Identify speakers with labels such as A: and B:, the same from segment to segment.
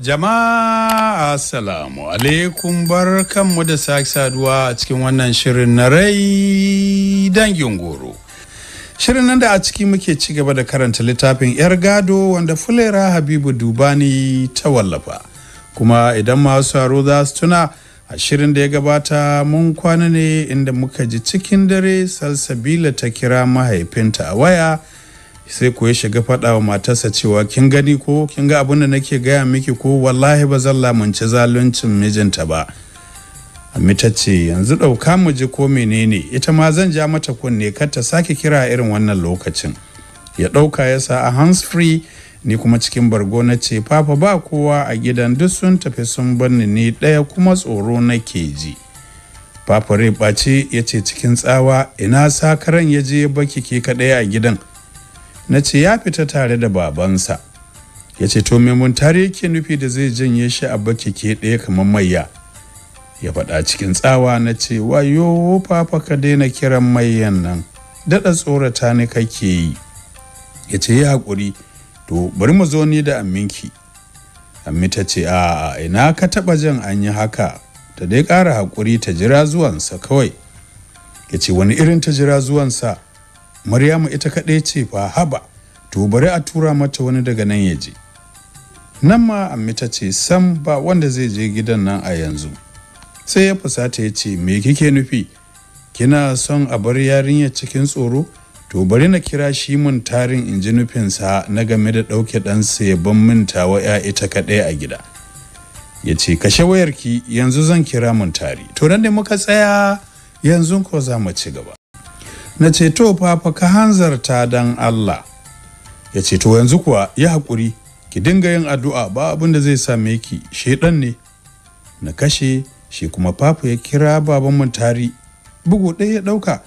A: Jama'a Assalamu alaikum bar kanmu da sake saduwa a cikin wannan shirin na rai dangin goro. Shirin nan da a ciki muke ci gaba da karanta littafin 'yar gado wanda Fulera Habibu Dubani ta wallafa. Kuma idan masu haro za su tuna a shirin da ya gabata mun kwana ne inda muka ji cikin dare salsabila ta kira mahaifinta a waya. sai ko ya shiga faɗa wa matarsa cewa kin gani ko kin ga abin da nake gaya miki ko wallahi ba zan lamunci zaluncin mijinta ba Ammi ce yanzu ɗauka mu ji ko menene ita ma zan ja mata kunne kar ta sake kira irin wannan lokacin ya ɗauka ya sa a hands free ni kuma cikin bargo na ce papa ba kowa a gidan duk sun tafi sun banni ni ɗaya kuma tsoro nake ji papa rai ɓace ya ce cikin tsawa ina sakaran ya je baki ke kaɗai a gidan na ce ya fita tare da babansa ya ce to mun tare yake nufi da zai janye shi a bakike ɗaya kamar mayya ya faɗa cikin tsawa na ce wayo fafa ka daina kiran mayyan nan daɗa tsorata ni kake yi ya ce ya haƙuri to bari mu zo ni da amminki ammi ta ce a ina ka taɓa jan an yi haka ta dai ƙara haƙuri ta jira zuwansa kawai ya ce wani irin ta jira zuwansa maryamu ita kaɗai ce fa haba to bari a tura mata wani daga nan ya je nan ma Amita ce sam ba wanda zai je gidan nan a yanzu sai ya fusata ya ce me kike nufi kina son a bar yarinya cikin tsoro to bari na kira shi mun tarin in ji nufinsa na game da ɗauke ɗansa ya ban minta wa ya ita kaɗai a gida ya ce kashe wayarki yanzu zan kira mun tari to nan ne muka tsaya yanzu ko za mu ci gaba na ce to fafa ka hanzarta dan Allah ya ce to yanzu kuwa ya haƙuri ki dinga yin addu'a ba abin da zai same ki shedan ne na kashe shi kuma fafa ya kira baban mun tari bugu ɗaya ya ɗauka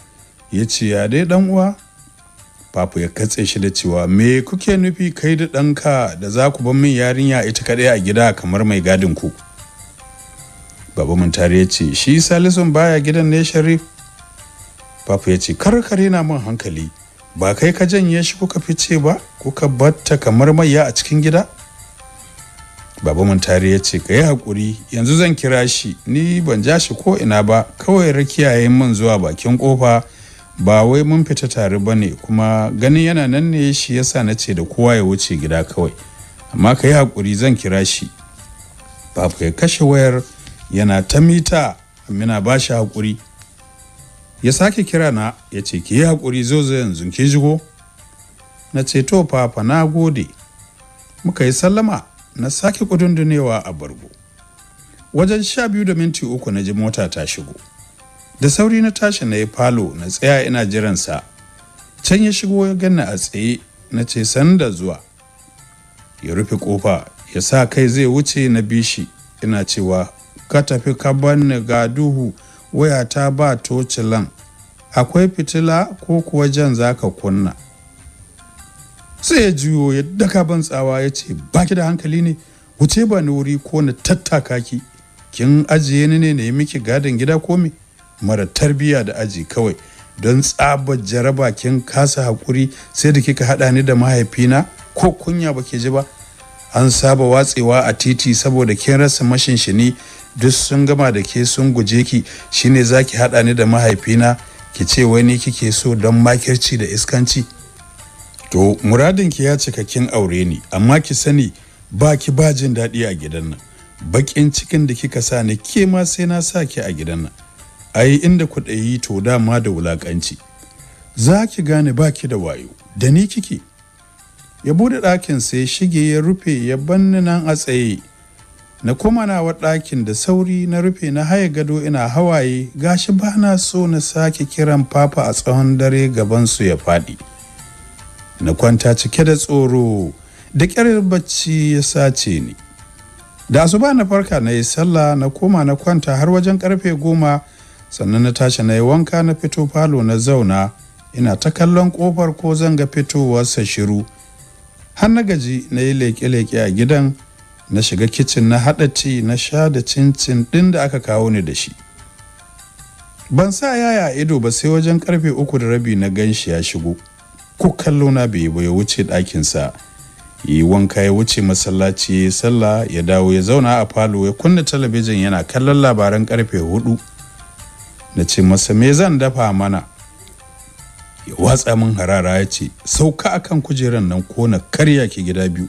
A: ya ce ya dai dan uwa fafa ya katse shi da cewa me kuke nufi kai da ɗanka da za ku bar min yarinya ita kaɗai a gida kamar mai gadin ku baba mun tare ya ce shi salisun baya gidan ne sharif Papa ya ce karkare na min hankali ba kai ka janye shi kuka fice ba kuka batta kamar maiya a cikin gida? Baba Muntari ya ce ka yi haƙuri yanzu zan kira shi ni ban ja shi ko ina ba kawai rakiyaye mun zuwa bakin kofa ba wai mun fita tare ba ne kuma ganin yana nan ne shi yasa na ce da kowa ya wuce gida kawai amma ka yi haƙuri zan kira shi. Papa ya kashe wayar yana ta mita Amina ba shi haƙuri ya sake kira na ya ce ki hakuri zo zo yanzu ki jigo na ce to papa na gode muka yi sallama na sake kudundunewa a bargo wajen sha biyu da minti uku na ji mota ta shigo da sauri na tashi na yi falo na tsaya ina jiransa can ya shigo ya ganna a tsaye na ce da zuwa ya rufe kofa ya sa kai zai wuce na bishi ina cewa ka tafi ka ni ga duhu ta ba tocilan akwai fitila ko kuwa jan zaka kunna sai ya juyo ya daka ban tsawa ya ce baki da hankali ne wuce ba ni wuri ko na tattaka ki kin ajiye ni ne na yi miki gadon gida ko me mara tarbiya da aji kawai don tsaba jaraba kin kasa hakuri sai da kika haɗa ni da mahaifina ko kunya ba ji ba an saba watsewa a titi saboda kin rasa mashin mashinshini duk sun gama da ke sun guje ki shine za ki haɗa ni da mahaifina ki ce wai ni kike so don makirci da iskanci to muradinki ya cika kin aure ni amma ki sani ba ki ba jin daɗi a gidan nan baƙin cikin da kika sa ni ke ma sai na sa ki a gidan nan ai inda yi to dama da wulaƙanci za ki gane ba ki da wayo da ni kike ya bude ɗakin sai shige ya rufe ya banni nan a tsaye na koma na ɗakin da sauri na rufe na haye gado ina hawaye gashi ba na so na sake kiran papa a tsawon dare su ya faɗi na kwanta cike da tsoro da ƙyar bacci ya sace ni da ba na farka na yi sallah na koma na kwanta har wajen karfe goma sannan na tashi na yi wanka na fito falo na zauna ina ta kallon ƙofar ko zanga fitowarsa shiru har na gaji na yi leƙe-leƙe a gidan na shiga kicin na haɗa ci na sha da cincin ɗin da aka kawo ni da shi ban sa yaya ido ba sai wajen karfe uku da rabi na ganshi ya shigo Ku kallo na bai ba ya wuce ɗakinsa yi wanka ya wuce masallaci ya sallah ya dawo ya zauna a falo ya kunna talabijin yana kallon labaran karfe hudu na ce masa me zan dafa mana ya watsa min harara ya ce sauka akan kujeran nan ko na karya ki gida biyu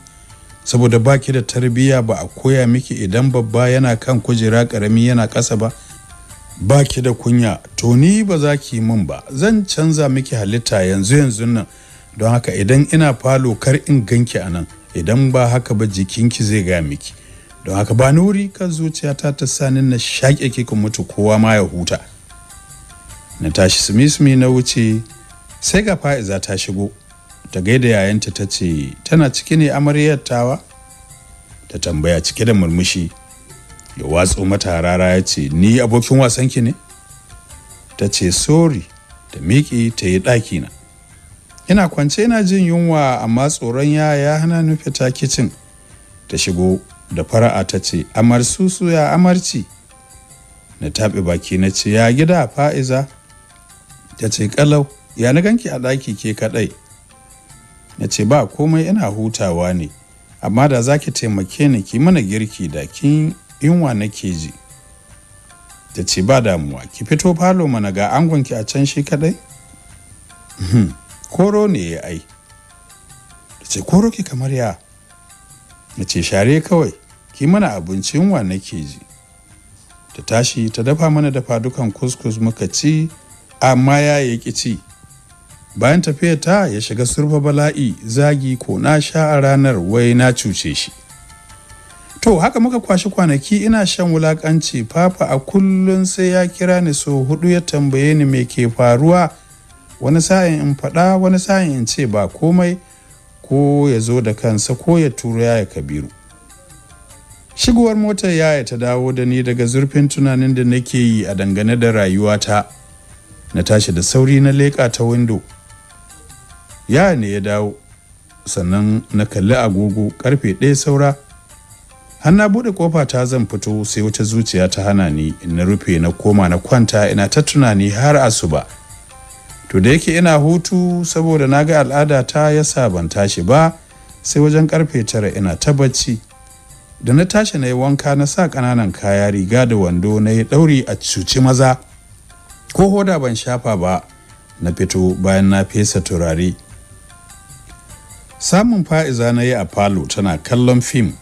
A: saboda baki da tarbiyya ba a koya miki idan babba yana kan kujera karami yana ƙasa ba baki da kunya to ni ba za ki yi min ba zan canza miki halitta yanzu yanzu nan don haka idan ina falo kar in ganki anan idan ba haka ba jikinki zai gaya miki don haka ba ni wuri kan zuciyata ta sanin na shaƙe ki mutu kowa ma ya huta na tashi sumi na wuce sai ga fa'iza ta shigo ta gaida yayanta ta ce tana ciki ne amaryar tawa ta tambaya cike da murmushi ya watsu mata rara ya ce ni abokin wasanki ne ta ce sori ta miƙe ta yi ɗakina ina kwance ina jin yunwa amma tsoron ya ya hana ni fita kicin ta shigo da fara'a ta ce amar susu ya amarci na taɓe baki na ce ya gida fa'iza ta ce kalau ya na ganki a ɗaki ke kaɗai na ce ba komai yana hutawa ne amma da za ki taimake ni ki mana girki da kin inwa nake ji ta ce ba damuwa ki fito falo mana ga angon ki a can shi kadai uhm, koro ne ya ai ta ce koro ki kamar ya na ce share kawai ki mana abinci inwa ke ji ta tashi ta dafa mana dafa dukan kuskus muka ci amma ya yi ci bayan tafiya ta ya shiga surfa bala'i zagi ko na sha a ranar wai na cuce shi to haka muka kwashi kwanaki ina shan wulakanci fafa a kullun sai ya kira ni so hudu ya tambaye ni me ke faruwa wani sa'in in faɗa wani sa'in in ce ba komai ko ya zo da kansa ko ya turo ya kabiru shigowar motar yaya ta dawo da ni daga zurfin tunanin da nake yi a dangane da rayuwata na tashi da sauri na leƙa ta windo ya ne ya dawo sannan na kalli agogo karfe ɗaya saura Hanna na buɗe kofa ta zan fito sai wata zuciya ta hana ni na rufe na koma na kwanta ina ta tunani har asuba to da yake ina hutu saboda na ga al'ada ta yasa ban tashi ba sai wajen karfe tara ina ta bacci da na tashi na yi wanka na sa ƙananan kaya riga da wando na yi ɗauri a cuci maza ko hoda ban shafa ba na fito bayan na fesa turare samun fa'iza na yi a falo tana kallon fim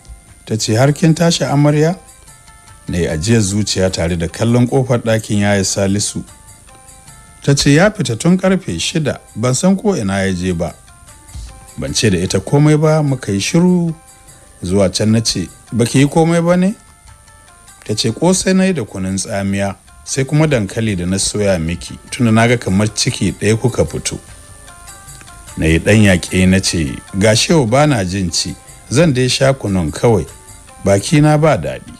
A: ta ce har kin tashi amarya na yi ajiyar zuciya tare da kallon kofar ɗakin yaya salisu ta ce ya fita tun karfe shida ban san ko ina ya je ba ban ce da ita komai ba muka yi shiru zuwa can na ce ba ki yi komai ba ne ta ce kosai na yi da kunun tsamiya sai kuma dankali da na soya miki tunda na ga kamar ciki ɗaya kuka fito na yi ɗan yaƙe na ce gashi yau ba na jin ci zan dai sha kunun kawai baki na ba daɗi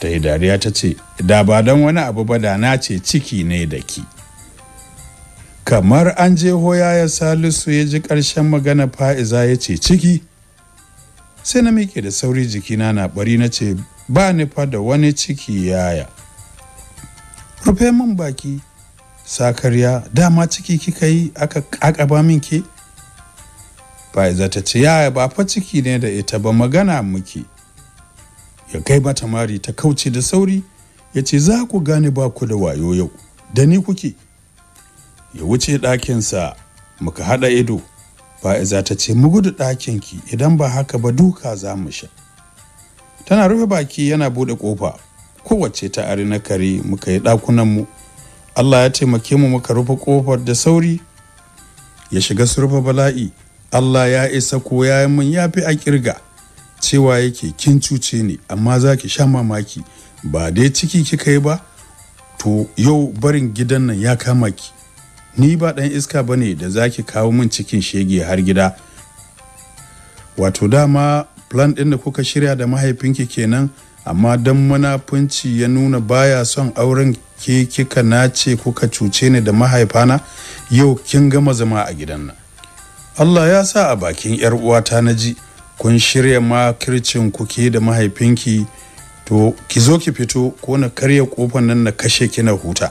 A: ta yi dariya ta ce da ba don wani abu ba da na ce ciki ne da ki kamar an je hoya ya salisu ya ji ƙarshen magana fa'iza ya ce ciki sai na miƙe da sauri jikina na ɓari na ce ba ni fa da wani ciki yaya rufe min baki sakarya dama ciki kika yi aka kakaba min ke fa'iza ta ce yaya ba fa ciki ne da ita ba magana muke ya kai mata mari ta kauce da sauri ya ce za ku gane ba ku da wayo yau da ni kuke ya wuce ɗakinsa muka haɗa ido fa'iza ta ce mu gudu ɗakinki idan ba haka ba duka za mu sha tana rufe baki yana buɗe ƙofa kowace ta ari na kare muka yi mu. Allah ya taimake mu muka rufe kofar da sauri ya shiga surfa bala'i Allah ya isa ko ya mun ya fi a kirga cewa yake kin cuce ne amma za ki sha mamaki ba dai ciki kika yi ba to yau barin gidan nan ya kama ki ni ba dan iska bane da zaki kawo min cikin shege har gida wato dama plan ɗin da kuka shirya da mahaifinki kenan amma dan munafunci ya nuna baya son auren ke kika nace kuka cuce ni da mahaifana yau kin gama zama a gidan nan Allah ya sa a bakin yar uwata na ji kun shirya makircin kuke da mahaifinki to ki zo ki fito ko na karya kofar nan na kashe ki na huta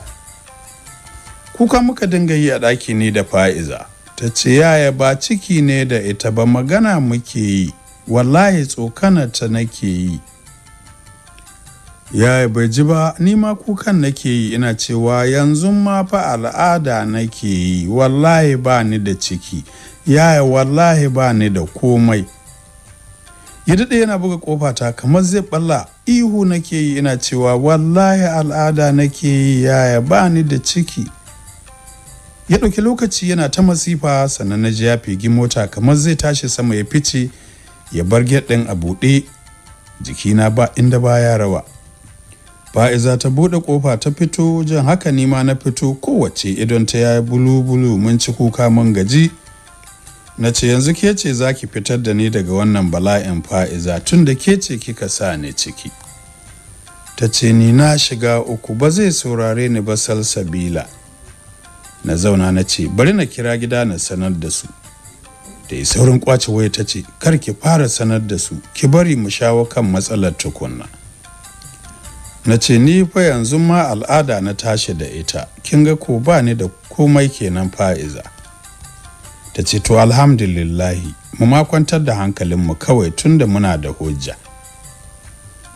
A: kuka muka dinga yi a daki ne da fa'iza ta ce yaya ba ciki ne da ita ba magana muke yi wallahi tsokana ta nake yi yaya bai ji ba ni ma kukan nake yi ina cewa yanzu ma fa al'ada nake yi wallahi ba ni da ciki yaya wallahi ba ni da komai ya daɗe yana buga ƙofata kamar zai ɓalla ihu nake yi ina cewa wallahi al'ada nake yi yaya ba ni da ciki ya ɗauki lokaci yana ta masifa sannan na ji ya fegi mota kamar zai tashi sama ya fice ya bar gyaɗin a buɗe jikina ba inda ba ya rawa fa'iza ta buɗe ƙofa ta fito jan haka nima na fito kowace idan ta yayi bulu-bulu mun ci kuka mun gaji na ce yanzu ke ce za ki fitar da ni daga wannan bala'in fa'iza tun da ke ce kika sa ni ciki ta ce ni na shiga uku ba zai saurare ni ba salsabila na zauna na ce bari na kira gida na sanar da su da saurin kwace waya ta ce kar ki fara sanar da su ki bari mu shawo kan matsalar tukunna. na ce ni fa yanzu ma al'ada na tashi da ita kin ga ko ba ni da komai kenan fa'iza ta ce to alhamdulillahi mu ma kwantar da hankalinmu kawai tun da muna da hujja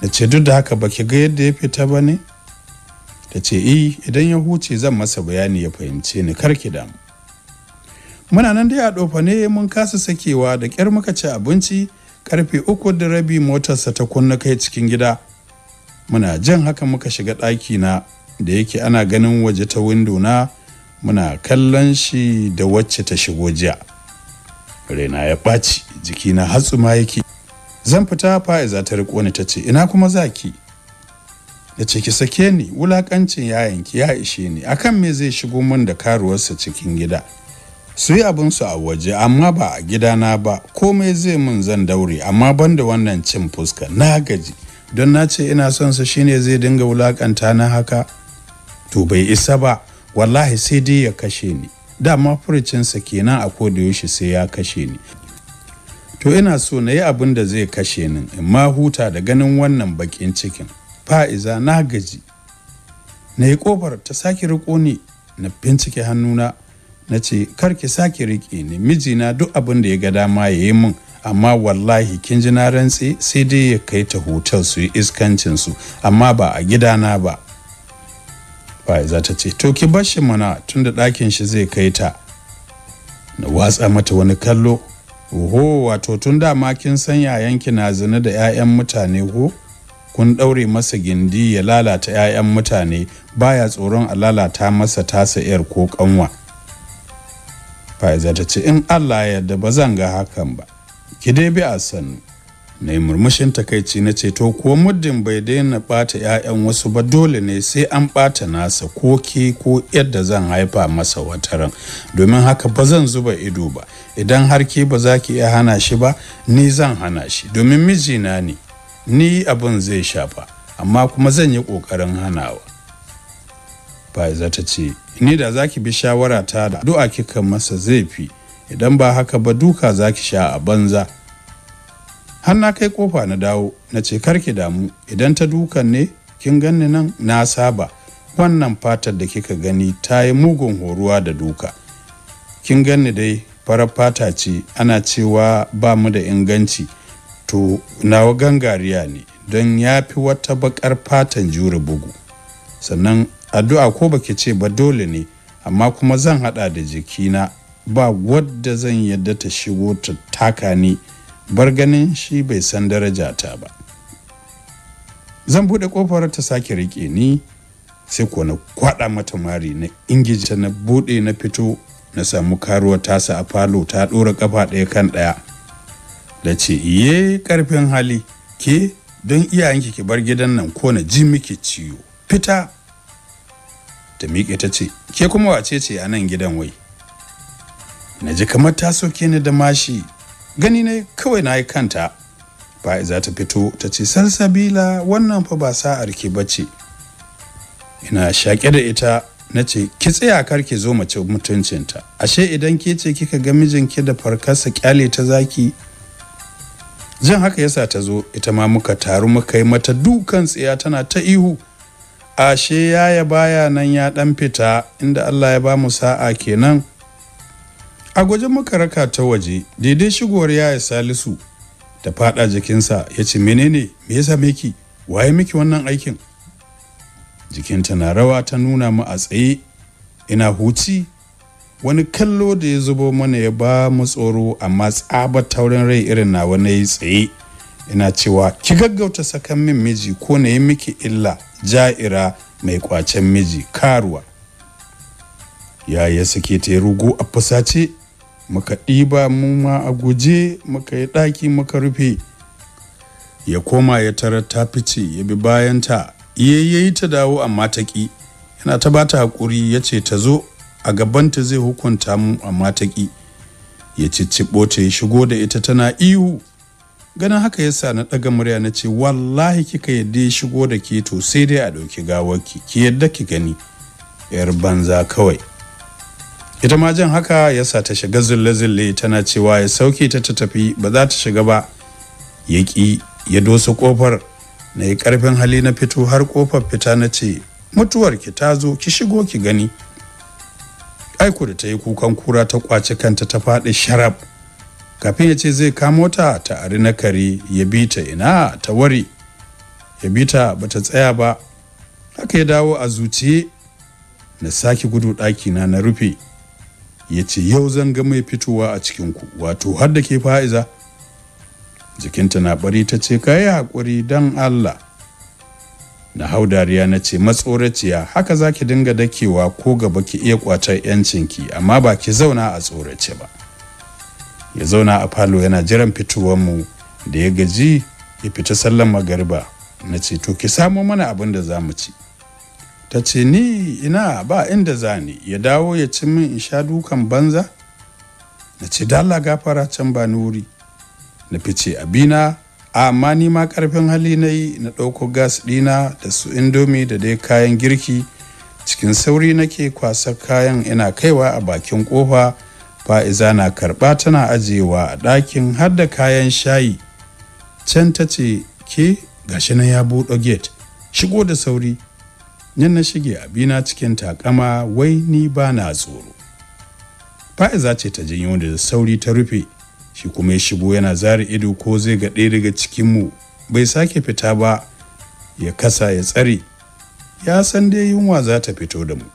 A: Na ce duk da haka baki ga yadda ya fita ba ne ta ce i eh, idan ya huce zan masa bayani ya fahimce ni kar ki damu muna nan dai a ɗofa ne mun kasa sakewa da ƙyar muka ci abinci karfe uku da rabi motarsa ta kunna kai cikin gida muna jan haka muka shiga ɗaki na da yake ana ganin waje ta windo na muna kallon shi da wacce ta shigo jiya raina ya ɓaci jiki jikina ma yake zan fita fa'iza ta riko ni ta ce ina kuma zaki da ce ki sake ni wulakancin yayanki ya ishe ni akan me zai shigo min da karuwarsa cikin gida su yi su a waje amma ba a gidana ba komai zai min zan daure amma banda wannan cin fuska na gaji don na ce ina son sa shine zai dinga wulakanta na haka to bai isa ba wallahi sai dai ya kashe ni dama furucinsa kenan a koda yaushe sai ya kashe ni to ina so na yi abin da zai kashe ni in ma huta da ganin wannan bakin cikin fa'iza na gaji na yi kofar ta sake riko ni na bincike hannuna na ce kar ki sake riƙe ni mijina duk abin da ya ga dama ya yi min amma wallahi kin ji na rantse sai dai ya kai ta hotel su yi iskancin su amma ba a gidana ba za ta ce to ki bar mana tunda ɗakin shi zai kai ta na watsa mata wani kallo oho wato tun dama kin san yayanki na zina da 'ya'yan mutane ko kun ɗaure masa gindi ya lalata 'ya'yan mutane baya tsoron a lalata masa tasa 'yar ko kanwa Faiza ta ce in Allah ya yarda ba zan ga hakan ba ki dai bi a sannu na yi murmushin takaici na ce to kuwa muddin bai daina ɓata 'ya'yan wasu ba dole ne sai an ɓata nasa ko ke ko yadda zan haifa masa wata ran domin haka ba zan zuba ido ba idan har ke ba za ki iya hana shi ba ni zan hana shi domin mijina ne ni abin zai shafa amma kuma zan yi ƙoƙarin hanawa za ta ce ni da za ki bi shawara ta da addu'a kika masa zai fi idan ba haka ba duka za ki sha a banza Hanna kai kofa na dawo na ce karki damu idan ta dukan ne kin ganni nan na saba wannan fatar da kika gani ta yi mugun horuwa da duka kin ganni dai farar fata ce ana cewa ba mu da inganci to nawa gangariya ne don ya fi wata bakar fatan jure bugu sannan addu'a ko baki ce ba dole ne amma kuma zan hada da jikina ba wadda zan yadda ta shigo ta taka ni bar ganin shi bai san daraja ta ba zan buɗe ƙofar ta sake riƙe ni sai ko na kwaɗa mata mari na ingiji ta na buɗe na fito na samu karuwa tasa a falo ta ɗora ƙafa ɗaya kan ɗaya da ce ye ƙarfin hali ke don iyayenki ki bar gidan nan ko na ji miki ciwo fita ta miƙe ta ce ke kuma wace ce a nan gidan wai na ji kamar ta soke ni da mashi gani ne kawai na yi kanta za ta fito ta ce salsabila wannan fa ba sa'ar ki bace ina shaƙe da ita na ce ki tsaya kar ki zo mace mutuncinta ashe idan ke ce kika ga mijinki da farkarsa kyale ta zaki jan haka yasa ta zo ita ma muka taru muka yi mata dukan tsaya tana ta ihu ashe yaya baya nan ya dan fita inda Allah ya ba mu sa'a kenan a gwaje muka raka ta waje daidai shigowar yaya salisu ta fada jikinsa ya ce menene me yasa miki waye miki wannan aikin jikinta na rawa ta nuna mu a tsaye ina huci wani kallo da ya zubo mana ya ba mu tsoro amma tsabar taurin rai irin na wani tsaye ina cewa ki gaggauta sakan min miji ko na yi miki illa ja'ira mai kwacen miji karuwa ya ya sake ta rugu a fusace muka ɗiba mu ma a guje muka yi ɗaki muka rufe ya koma ya tarar ta fice ya bi bayanta iya yi ta dawo amma ta ƙi yana ta bata haƙuri ya ce ta zo a gabanta zai hukunta mu amma ta ƙi ya cicciɓo ta ya shigo da ita tana ihu ganin haka yasa na ɗaga murya na ce wallahi kika yadda ya shigo da ke to sai dai a ɗauki gawarki ki yadda ki gani yar banza kawai ita ma jan haka ya sa ta shiga zille-zille tana cewa ya sauke ta ta tafi ba za ta shiga ba ya ƙi ya dosa ƙofar na yi ƙarfin hali na fito har ƙofar fita na ce mutuwar ki ta zo ki shigo ki gani aiko da ta yi kukan kura ta kwace kanta ta faɗi sharab kafin ya ce zai kamo ta ta ari na kare ya bi ta ina ta ware ya bi ta ba ta tsaya ba haka ya dawo a zuciye na sake gudu ɗakina na rufe ya ce yau zan ga mai fitowa a cikinku wato har da ke fa'iza jikinta na bari ta ce ka yi haƙuri don allah na hau dariya na ce matsoraciya haka za ki dinga dakewa ko gaba ki iya ƙwatar yancinki amma ba ki zauna a tsorace ba ya zauna a falo yana jiran fitowarmu da ya gaji ya fita sallan magariba na ce to ki samo mana abin da za mu ci ta ce ni ina ba inda zani ya dawo ya ci min in sha dukan banza na ce dala gafara can ba wuri na fice abina amma ni ma karfin hali na yi na ɗauko gas ɗina da su indomi da dai kayan girki cikin sauri nake kwasar kayan ina kaiwa a bakin ƙofa fa'iza na karɓa tana ajiyewa a ɗakin har da kayan shayi can ta ce ke gashi na ya buɗe gate shigo da sauri nan na shige abina cikin takama wai ni ba na tsoro fa'iza ce ta janyo da sauri ta rufe shi kuma ya shigo yana zari ido ko zai ga ɗaya daga cikinmu bai sake fita ba ya kasa ya tsare ya san dai yunwa za ta fito da mu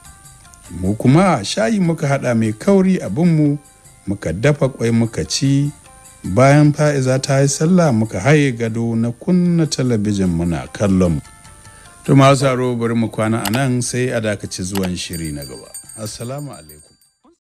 A: mu kuma shayi muka haɗa mai kauri abinmu muka dafa kwai muka ci bayan fa'iza ta yi sallah muka haye gado na kunna talabijin muna kallon mu To masu bari mu kwana a nan sai a dakaci zuwan shiri na gaba. Assalamu alaikum.